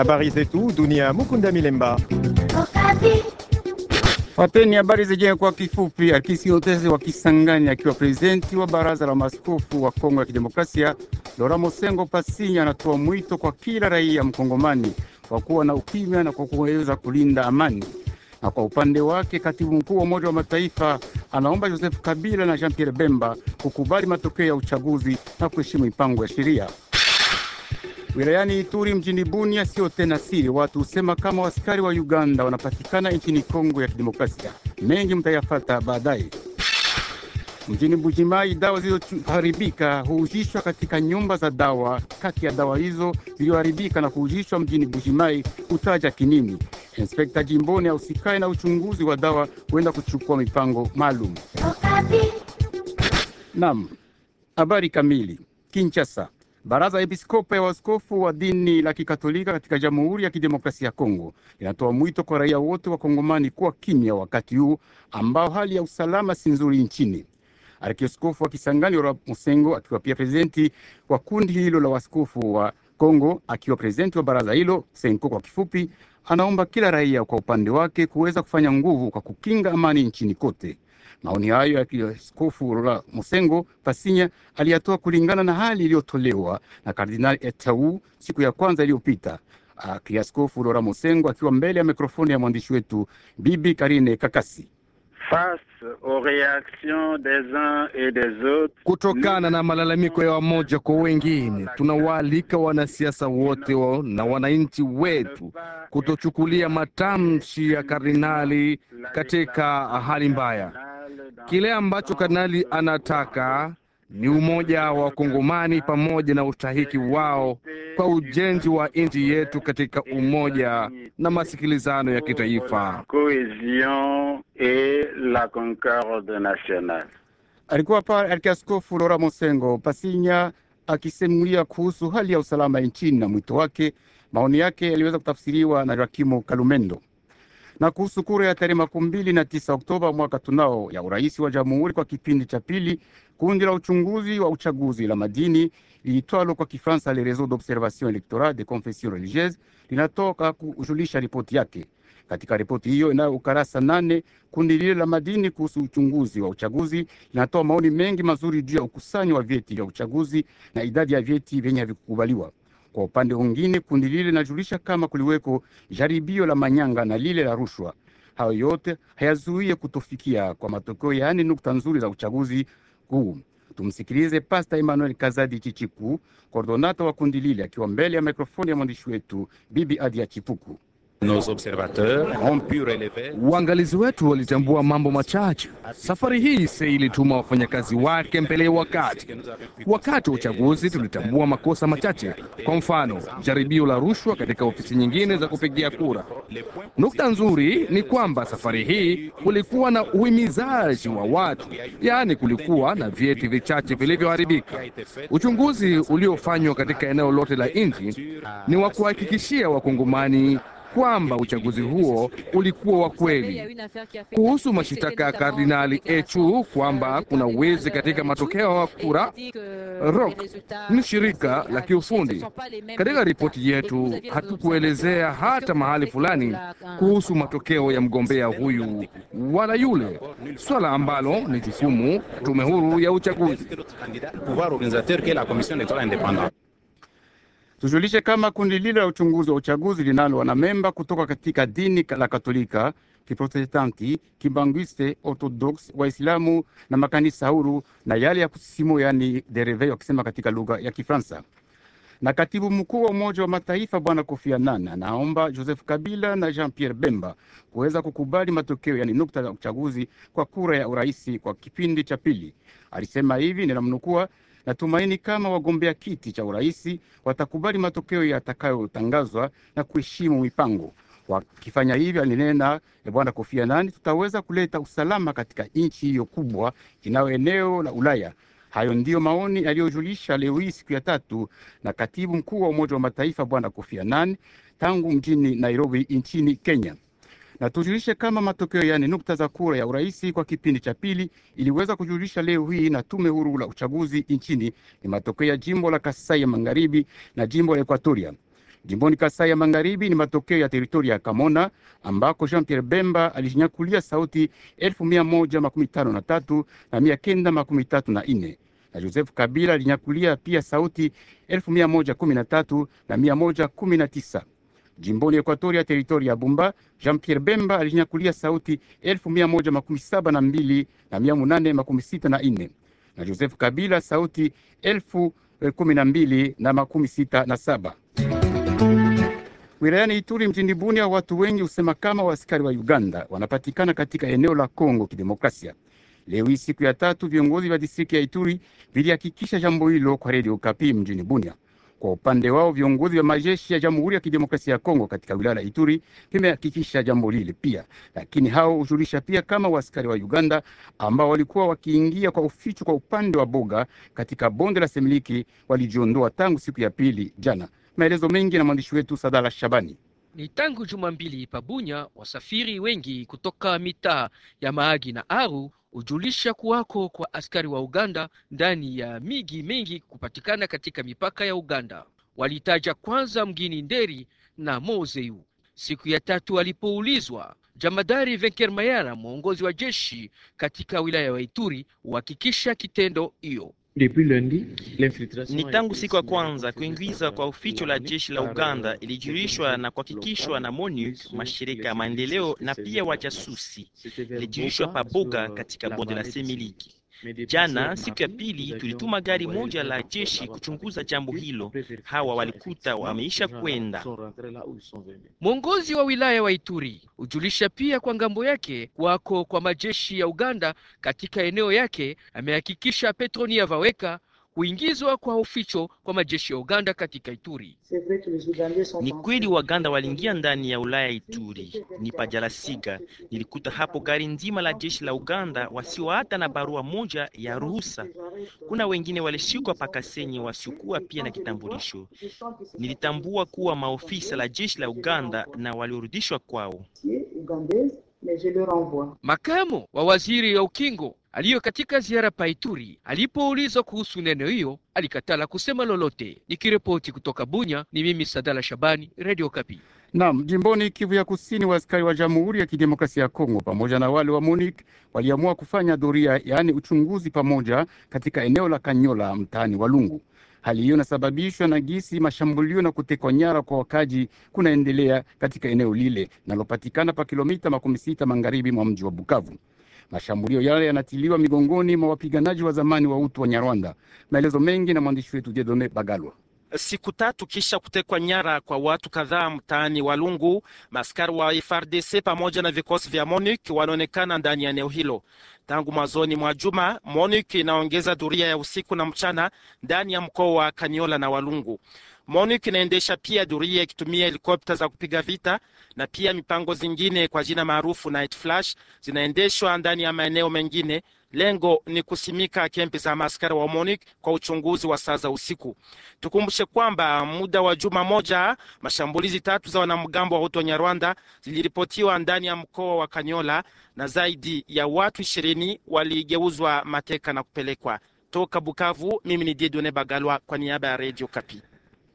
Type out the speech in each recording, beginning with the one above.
Habari zetu dunia, Mukunda Milemba. Wapeni habari zenyewe kwa kifupi. Akisioteze wa Kisangani akiwa prezidenti wa baraza la maaskofu wa Kongo ya Kidemokrasia, Lora Mosengo Pasinya anatoa mwito kwa kila raia mkongomani kwa kuwa na ukimya na kwa kuweza kulinda amani. Na kwa upande wake katibu mkuu wa Umoja wa Mataifa anaomba Joseph Kabila na Jean Pierre Bemba kukubali matokeo ya uchaguzi na kuheshimu mipango ya sheria. Wilayani Ituri mjini Bunia, sio tena siri, watu husema kama askari wa Uganda wanapatikana nchini Kongo ya Kidemokrasia. Mengi mtayafata baadaye. Mjini bujimai dawa zilizoharibika huuzishwa katika nyumba za dawa. Kati ya dawa hizo zilizoharibika na kuuzishwa mjini bujimai hutaja kinini. Inspekta jimboni ausikae na uchunguzi wa dawa huenda kuchukua mipango maalum. Naam, habari kamili. Kinshasa Baraza ya Episkopa ya Waskofu wa dini la Kikatolika katika Jamhuri ya Kidemokrasia ya Kongo inatoa mwito kwa raia wote wa Kongomani kuwa kimya wakati huu ambao hali ya usalama si nzuri nchini. Arkioskofu wa Kisangani Laurent Musengo akiwa pia prezidenti wa kundi hilo la waskofu wa Kongo, akiwa prezidenti wa baraza hilo Senko kwa kifupi, anaomba kila raia kwa upande wake kuweza kufanya nguvu kwa kukinga amani nchini kote. Maoni hayo ya kiaskofu Rola Musengo Pasinya aliyatoa kulingana na hali iliyotolewa na Kardinali Etau siku ya kwanza iliyopita. Kiaskofu Rola Musengo akiwa mbele ya mikrofoni ya mwandishi wetu Bibi Karine Kakasi. Kutokana na malalamiko ya wamoja kwa wengine, tunawaalika wanasiasa wote wa na wananchi wetu kutochukulia matamshi ya kardinali katika hali mbaya. Kile ambacho kanali anataka ni umoja wa Kongomani pamoja na ustahiki wao kwa ujenzi wa nchi yetu katika umoja na masikilizano ya kitaifa. Alikuwa hapa Arkiaskofu Lora Mosengo Pasinya akisimulia kuhusu hali ya usalama nchini na mwito wake. Maoni yake yaliweza kutafsiriwa na Rakimo Kalumendo na kuhusu kura ya tarehe makumi mbili na tisa Oktoba mwaka tunao ya urais wa jamhuri kwa kipindi cha pili, kundi la uchunguzi wa uchaguzi la madini liitwalo kwa Kifransa le Reseau d'observation electorale de confession religieuse linatoka kujulisha ripoti yake. Katika ripoti hiyo inayo ukarasa nane, kundi lile la madini kuhusu uchunguzi wa uchaguzi linatoa maoni mengi mazuri juu ya ukusanyi wa vyeti vya uchaguzi na idadi ya vyeti vyenye havikukubaliwa. Kwa upande mwingine, kundi lile linajulisha kama kuliweko jaribio la manyanga na lile la rushwa. Hayo yote hayazuie kutofikia kwa matokeo, yaani nukta nzuri za uchaguzi huu. Tumsikilize Pasta Emmanuel Kazadi Chichiku, kordonata wa kundi lile, akiwa mbele ya mikrofoni ya mwandishi wetu Bibi Adia Chipuku. Nos observateurs ont pu relever. Waangalizi wetu walitambua mambo machache. Safari hii se ilituma wafanyakazi wake mbele ya wakati. Wakati wa uchaguzi tulitambua makosa machache, kwa mfano jaribio la rushwa katika ofisi nyingine za kupigia kura. Nukta nzuri ni kwamba safari hii kulikuwa na uhimizaji wa watu, yaani kulikuwa na vyeti vichache vilivyoharibika. Uchunguzi uliofanywa katika eneo lote la nchi ni wa kuhakikishia wakongomani kwamba uchaguzi huo ulikuwa wa kweli. Kuhusu mashitaka ya Kardinali Echu kwamba kuna uwezi katika matokeo ya kura, ROK ni shirika la kiufundi. Katika ripoti yetu hatukuelezea hata mahali fulani kuhusu matokeo ya mgombea huyu wala yule, swala ambalo ni jukumu tume huru ya uchaguzi. Tujulishe kama kundi lile la uchunguzi wa uchaguzi linalo wanamemba kutoka katika dini la Katolika, Kiprotestanti, Kibangwiste, Orthodox, Waislamu na makanisa huru na yale ya kusisimu, yani dereve wakisema katika lugha ya Kifransa. Na katibu mkuu wa Umoja wa Mataifa Bwana Kofi Annan anaomba Joseph Kabila na Jean Pierre Bemba kuweza kukubali matokeo yani nukta za uchaguzi kwa kura ya uraisi kwa kipindi cha pili. Alisema hivi, ninamnukua: Natumaini kama wagombea kiti cha urais watakubali matokeo yatakayotangazwa na kuheshimu mipango. Wakifanya hivyo, alinena eh, Bwana Kofi Annan, tutaweza kuleta usalama katika nchi hiyo kubwa inayo eneo la Ulaya. Hayo ndiyo maoni aliyojulisha leo hii siku ya tatu na katibu mkuu wa Umoja wa Mataifa Bwana Kofi Annan tangu mjini Nairobi nchini Kenya na tujulishe kama matokeo yani nukta za kura ya uraisi kwa kipindi cha pili iliweza kujulisha leo hii na tume huru la uchaguzi nchini. Ni matokeo ya jimbo la Kasai ya magharibi na jimbo la Ekuatoria. Jimboni Kasai ya magharibi ni matokeo ya teritoria ya Kamona ambako Jean Pierre Bemba alinyakulia sauti 1153 na tatu na na na Joseph Kabila alinyakulia pia sauti 1113 na 119. Jimboni Ekuatoria, teritori ya Bumba, Jean Pierre Bemba alinyakulia sauti elfu mia moja makumi saba na mbili na mia munane makumi sita na nne na Joseph Kabila sauti elfu kumi na mbili na makumi sita na saba. Wilayani Ituri mjini Bunia, watu wengi husema kama waaskari wa Uganda wanapatikana katika eneo la Kongo Kidemokrasia. Leo hii siku ya tatu, viongozi vya distrikti ya Ituri vilihakikisha jambo hilo kwa redio Kapi mjini Bunia. Kwa upande wao viongozi wa majeshi ya Jamhuri ya Kidemokrasia ya Kongo katika wilaya la Ituri vimehakikisha jambo lile pia, lakini hao hujulisha pia kama waaskari wa Uganda ambao walikuwa wakiingia kwa ufichu kwa upande wa Boga katika bonde la Semiliki walijiondoa tangu siku ya pili jana. Maelezo mengi na mwandishi wetu Sadala Shabani. Ni tangu juma mbili pabunya, wasafiri wengi kutoka mitaa ya Mahagi na Aru hujulisha kuwako kwa askari wa Uganda ndani ya miji mingi kupatikana katika mipaka ya Uganda. Walitaja kwanza mgini Nderi na Mozeu. Siku ya tatu alipoulizwa, Jamadari Venker Mayara, mwongozi wa jeshi katika wilaya ya Ituri, huhakikisha kitendo hiyo. Ni tangu siku ya kwanza kuingiza kwa uficho la jeshi la Uganda ilijirishwa na kuhakikishwa na MONUC, mashirika ya maendeleo na pia wajasusi. Ilijirishwa paboga katika bonde la Semiliki. Jana siku ya pili, tulituma gari moja la jeshi kuchunguza jambo hilo. Hawa walikuta wameisha kwenda. Mwongozi wa wilaya wa Ituri hujulisha pia kwa ngambo yake wako kwa majeshi ya Uganda katika eneo yake. Amehakikisha Petroni Avaweka kuingizwa kwa uficho kwa majeshi ya Uganda katika Ituri. Ni kweli Waganda waliingia ndani ya Ulaya Ituri, ni pajalasiga nilikuta hapo gari nzima la jeshi la Uganda wasio hata na barua moja ya ruhusa. Kuna wengine walishikwa pakasenye wasiokuwa pia na kitambulisho. Nilitambua kuwa maofisa la jeshi la Uganda na waliorudishwa kwao. Makamo wa waziri ya ukingo aliyo katika ziara Paituri. Alipoulizwa kuhusu neno hiyo, alikatala kusema lolote. Nikiripoti kutoka Bunya, ni mimi Sadala Shabani, Radio Kapi. Naam, jimboni Kivu ya Kusini, wa askari wa Jamhuri ya Kidemokrasia ya Kongo pamoja na wale wa MONUC waliamua kufanya doria, yaani uchunguzi pamoja, katika eneo la Kanyola mtaani Walungu. Hali hiyo inasababishwa na gisi mashambulio na kutekwa nyara kwa wakaji kunaendelea katika eneo lile linalopatikana pa kilomita makumi sita magharibi mwa mji wa Bukavu. Mashambulio yale yanatiliwa migongoni mwa wapiganaji wa zamani wa utu wa Nyarwanda. Maelezo mengi na mwandishi wetu Jedone Bagalwa. Siku tatu kisha kutekwa nyara kwa watu kadhaa mtaani Walungu, maskari wa frdc pamoja na vikosi vya MONUC wanaonekana ndani ya eneo hilo tangu mwanzoni mwa juma. MONUC inaongeza dhuria ya usiku na mchana ndani ya mkoa wa Kaniola na Walungu. MONUC inaendesha pia duria ikitumia helikopta za kupiga vita na pia mipango zingine kwa jina maarufu Night Flash zinaendeshwa ndani ya maeneo mengine. Lengo ni kusimika kempi za maaskari wa MONUC kwa uchunguzi wa saa za usiku. Tukumbushe kwamba muda wa juma moja, mashambulizi tatu za wanamgambo wa Hutu Nyarwanda ziliripotiwa ndani ya mkoa wa Kanyola na zaidi ya watu ishirini waligeuzwa mateka na kupelekwa toka Bukavu. Mimi ni Didone Bagalwa kwa niaba ya Radio Kapi.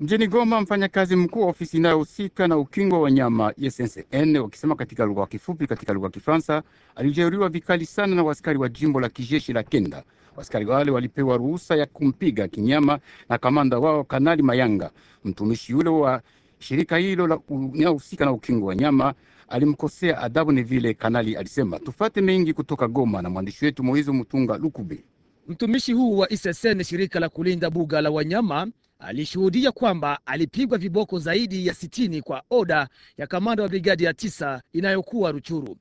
Mjini Goma, mfanyakazi mkuu wa ofisi inayohusika na ukingwa wa nyama SNCN, wakisema katika lugha kifupi, katika lugha ya Kifaransa, alijeruhiwa vikali sana na waskari wa jimbo la kijeshi la Kenda. Waskari wale walipewa ruhusa ya kumpiga kinyama na kamanda wao Kanali Mayanga. Mtumishi yule wa shirika hilo linahusika na ukingo wa nyama alimkosea adabu, ni vile kanali alisema. Tufate mengi kutoka Goma na mwandishi wetu Moizo Mutunga Lukube. Mtumishi huu wa SNCN, shirika la kulinda buga la wanyama alishuhudia kwamba alipigwa viboko zaidi ya sitini kwa oda ya kamanda wa brigadi ya tisa inayokuwa Ruchuru.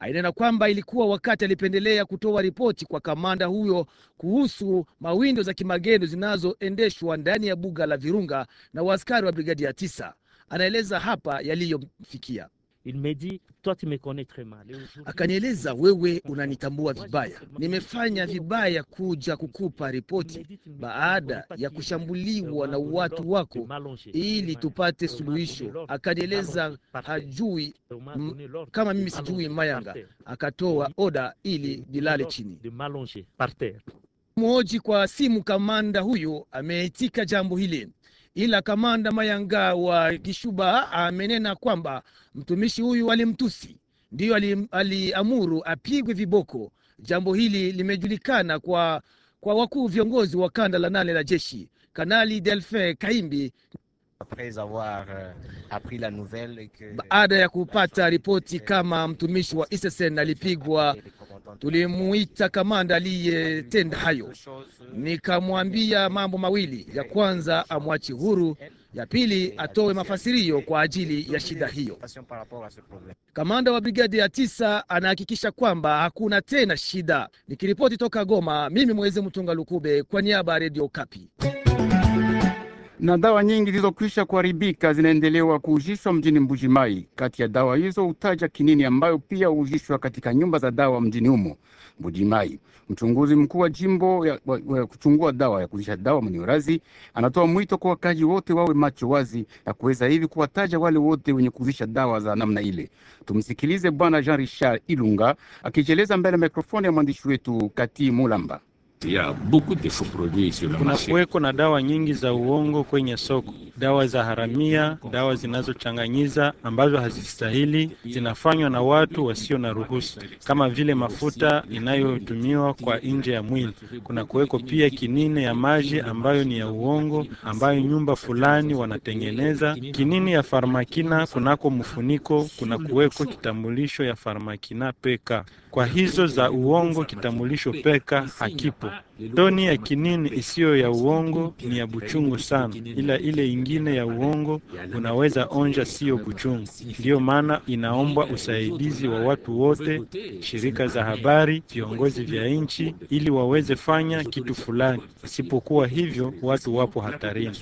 Ainena kwamba ilikuwa wakati alipendelea kutoa ripoti kwa kamanda huyo kuhusu mawindo za kimagendo zinazoendeshwa ndani ya buga la Virunga na waaskari wa brigadi ya tisa. Anaeleza hapa yaliyomfikia. Akanieleza, wewe unanitambua vibaya, nimefanya vibaya kuja kukupa ripoti baada ya kushambuliwa na watu wako ili tupate suluhisho. Akanieleza hajui kama mimi sijui mayanga. Akatoa oda ili nilale chini. Mhoji kwa simu, kamanda huyo ameitika jambo hili ila kamanda Mayanga wa Kishuba amenena kwamba mtumishi huyu alimtusi, ndiyo aliamuru apigwe viboko. Jambo hili limejulikana kwa, kwa wakuu viongozi wa kanda la nane la jeshi. Kanali Delfin Kaimbi euh, baada ya kupata ripoti kama mtumishi wa Isesen alipigwa Tulimuita kamanda aliyetenda hayo, nikamwambia mambo mawili: ya kwanza amwachi huru, ya pili atoe mafasirio kwa ajili ya shida hiyo. Kamanda wa brigadi ya tisa anahakikisha kwamba hakuna tena shida. Nikiripoti toka Goma, mimi Mwezi Mtunga Lukube kwa niaba ya Redio Kapi na dawa nyingi zilizokwisha kuharibika zinaendelewa kuuzishwa mjini Mbujimai. Kati ya dawa hizo hutaja kinini ambayo pia huuzishwa katika nyumba za dawa mjini humo Mbujimai. Mchunguzi mkuu wa jimbo ya, wa, wa, kuchungua dawa ya kuuzisha dawa Mniorazi anatoa mwito kwa wakaji wote wawe macho wazi na kuweza hivi kuwataja wale wote wenye kuuzisha dawa za namna ile. Tumsikilize Bwana Jean Richard Ilunga akijieleza mbele ya mikrofoni ya mwandishi wetu Kati Mulamba ya beaucoup de sur le marché. na dawa nyingi za uongo kwenye soko dawa za haramia, dawa zinazochanganyiza ambazo hazistahili zinafanywa na watu wasio na ruhusa, kama vile mafuta inayotumiwa kwa nje ya mwili. Kuna kuweko pia kinini ya maji ambayo ni ya uongo, ambayo nyumba fulani wanatengeneza kinini ya farmakina. Kunako mfuniko kuna kuweko kitambulisho ya farmakina peka. Kwa hizo za uongo, kitambulisho peka hakipo toni ya kinini isiyo ya uongo ni ya buchungu sana, ila ile ingine ya uongo unaweza onja siyo buchungu. Ndiyo maana inaombwa usaidizi wa watu wote, shirika za habari, viongozi vya nchi, ili waweze fanya kitu fulani. Isipokuwa hivyo, watu wapo hatarini.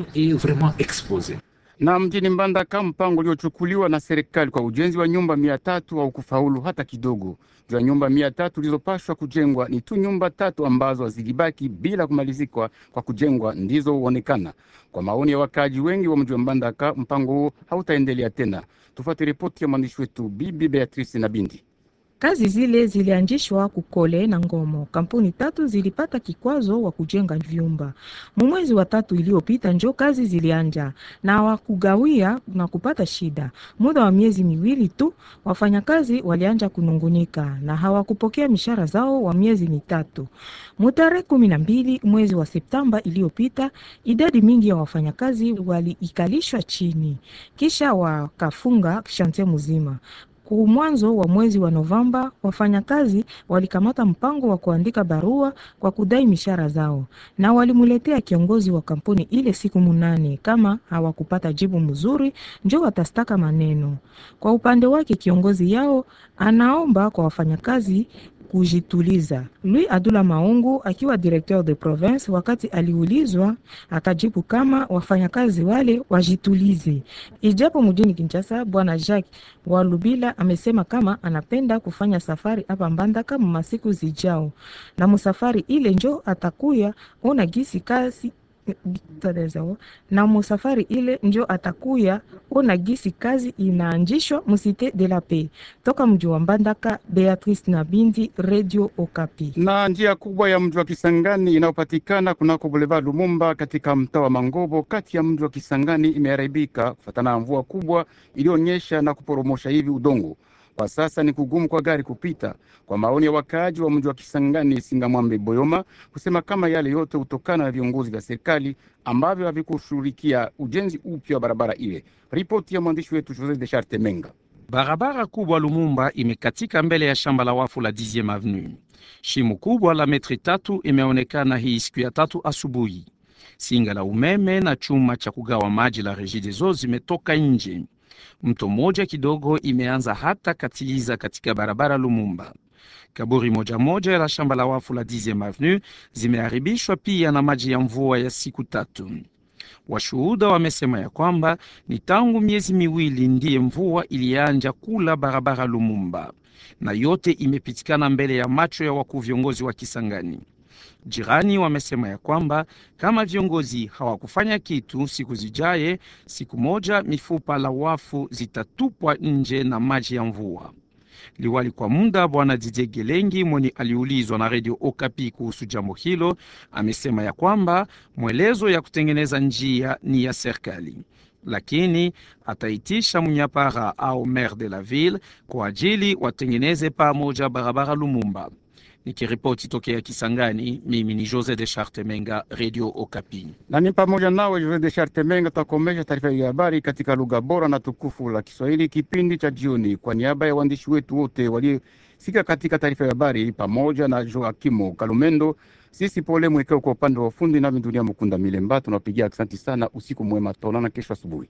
Na mjini Mbandaka, mpango uliochukuliwa na serikali kwa ujenzi wa nyumba mia tatu haukufaulu hata kidogo. Juu ya nyumba mia tatu zilizopashwa kujengwa, ni tu nyumba tatu ambazo hazilibaki bila kumalizikwa kwa kujengwa ndizo huonekana. Kwa maoni ya wakaaji wengi wa mji wa Mbandaka, mpango huo hautaendelea tena. Tufuate ripoti ya mwandishi wetu Bibi Beatrice na Bindi. Kazi zile zilianjishwa Kukole na Ngomo. Kampuni tatu zilipata kikwazo wa kujenga vyumba. Mumwezi wa tatu iliyopita njo kazi zilianja na wakugawia na kupata shida. Muda wa miezi miwili tu wafanyakazi walianja kunungunika na hawakupokea mishara zao wa miezi mitatu. Mutare mbili mwezi wa Septemba iliyopita idadi mingi ya wafanyakazi waliikalishwa chini kisha wakafunga shante mzima. Mwanzo wa mwezi wa Novemba, wafanyakazi walikamata mpango wa kuandika barua kwa kudai mishahara zao, na walimuletea kiongozi wa kampuni ile siku munane. Kama hawakupata jibu mzuri, njo watastaka maneno. Kwa upande wake, kiongozi yao anaomba kwa wafanyakazi kujituliza. Lui Adula Maungu akiwa directeur de province, wakati aliulizwa akajibu kama wafanyakazi wale wajitulize. Ijapo mjini Kinshasa, bwana Jacques Walubila amesema kama anapenda kufanya safari hapa Mbandaka masiku zijao, na msafari ile njo atakuya ona gisi kazi na musafari ile njo atakuya ona gisi kazi inaanjishwa musite de la pe toka mji wa Mbandaka. Beatrice na Bindi, Radio Okapi. Na njia kubwa ya mji wa Kisangani inayopatikana kunako Boulevard Lumumba katika mtaa wa Mangobo kati ya mji wa Kisangani imeharibika kufatana na mvua kubwa iliyonyesha na kuporomosha hivi udongo kwa sasa ni kugumu kwa gari kupita. Kwa maoni ya wakaaji wa mji wa Kisangani, Singamwambe, Boyoma, kusema kama yale yote hutokana na viongozi vya serikali ambavyo havikushughulikia ujenzi upya wa barabara ile. Ripoti ya mwandishi wetu Jose de Charte Menga. Barabara kubwa Lumumba imekatika mbele ya shamba la wafu la 10e Avenue. Shimo kubwa la metri tatu imeonekana hii siku ya tatu asubuhi. Singa la umeme na chuma cha kugawa maji la Regideso zimetoka nje. Mto moja kidogo imeanza hata katiliza katika barabara Lumumba. Kaburi moja moja la shamba la wafu la 10 Avenue zimeharibishwa pia na maji ya mvua ya siku tatu. Washuhuda wamesema ya kwamba ni tangu miezi miwili ndiye mvua ilianja kula barabara Lumumba, na yote imepitikana mbele ya macho ya wakuu viongozi wa Kisangani. Jirani wamesema ya kwamba kama viongozi hawakufanya kitu, siku zijaye, siku moja, mifupa la wafu zitatupwa nje na maji ya mvua. Liwali kwa muda Bwana Didier Gelengi mwenye aliulizwa na redio Okapi kuhusu jambo hilo amesema ya kwamba mwelezo ya kutengeneza njia ni ya serikali, lakini ataitisha mnyapara au maire de la ville kwa ajili watengeneze pamoja barabara Lumumba. Nikiripoti tokea Kisangani, mimi ni Jose de Chartemenga, Radio Okapi. Na ni pamoja nawe Jose de Chartemenga, takomesha taarifa ya habari katika lugha bora na tukufu la Kiswahili, kipindi cha jioni. Kwa niaba ya waandishi wetu wote waliosika katika taarifa ya habari pamoja na Joakimo Kalumendo, sisi pole mwekeo kwa upande wa ufundi, nami Dunia Mkunda Milemba tunawapigia asanti sana. Usiku mwema, tutaonana kesho asubuhi.